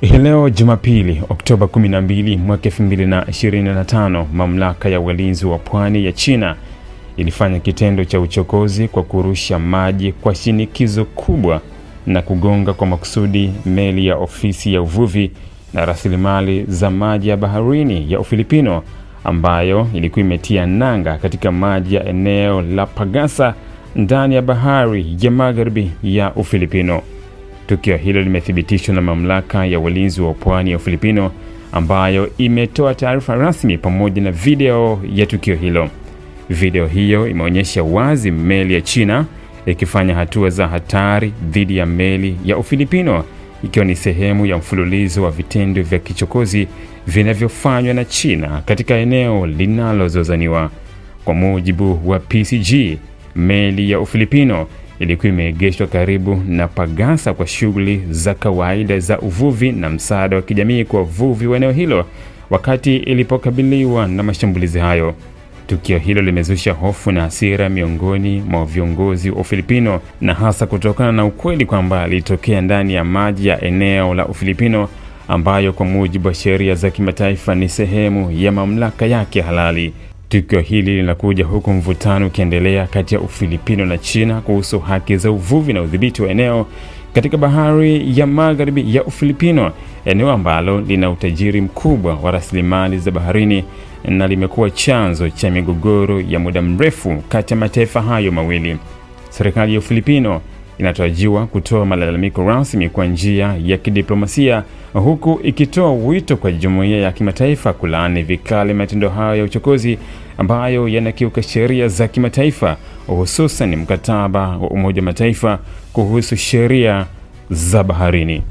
Hii leo Jumapili, Oktoba 12 mwaka 2025, mamlaka ya walinzi wa pwani ya China ilifanya kitendo cha uchokozi kwa kurusha maji kwa shinikizo kubwa na kugonga kwa makusudi meli ya ofisi ya uvuvi na rasilimali za maji ya baharini ya Ufilipino ambayo ilikuwa imetia nanga katika maji ya eneo la Pagasa ndani ya bahari ya magharibi ya Ufilipino. Tukio hilo limethibitishwa na mamlaka ya walinzi wa pwani ya Ufilipino ambayo imetoa taarifa rasmi pamoja na video ya tukio hilo. Video hiyo imeonyesha wazi meli ya China ikifanya hatua za hatari dhidi ya meli ya Ufilipino ikiwa ni sehemu ya mfululizo wa vitendo vya kichokozi vinavyofanywa na China katika eneo linalozozaniwa. Kwa mujibu wa PCG, meli ya Ufilipino ilikuwa imeegeshwa karibu na Pagasa kwa shughuli za kawaida za uvuvi na msaada wa kijamii kwa wavuvi wa eneo hilo wakati ilipokabiliwa na mashambulizi hayo. Tukio hilo limezusha hofu na hasira miongoni mwa viongozi wa Ufilipino na hasa kutokana na ukweli kwamba lilitokea ndani ya maji ya eneo la Ufilipino ambayo kwa mujibu wa sheria za kimataifa ni sehemu ya mamlaka yake halali. Tukio hili linakuja huku mvutano ukiendelea kati ya Ufilipino na China kuhusu haki za uvuvi na udhibiti wa eneo katika bahari ya magharibi ya Ufilipino, eneo ambalo lina utajiri mkubwa wa rasilimali za baharini na limekuwa chanzo cha migogoro ya muda mrefu kati ya mataifa hayo mawili. Serikali ya Ufilipino inatarajiwa kutoa malalamiko rasmi kwa njia ya kidiplomasia, huku ikitoa wito kwa jumuiya ya kimataifa kulaani vikali matendo hayo ya uchokozi ambayo yanakiuka sheria za kimataifa, hususan mkataba wa Umoja wa Mataifa kuhusu sheria za baharini.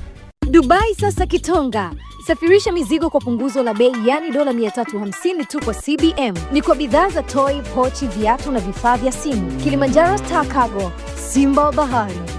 Dubai sasa Kitonga. Safirisha mizigo kwa punguzo la bei, yani dola 350 tu kwa CBM. Ni kwa bidhaa za toy, pochi, viatu na vifaa vya simu. Kilimanjaro Star Cargo. Simba Bahari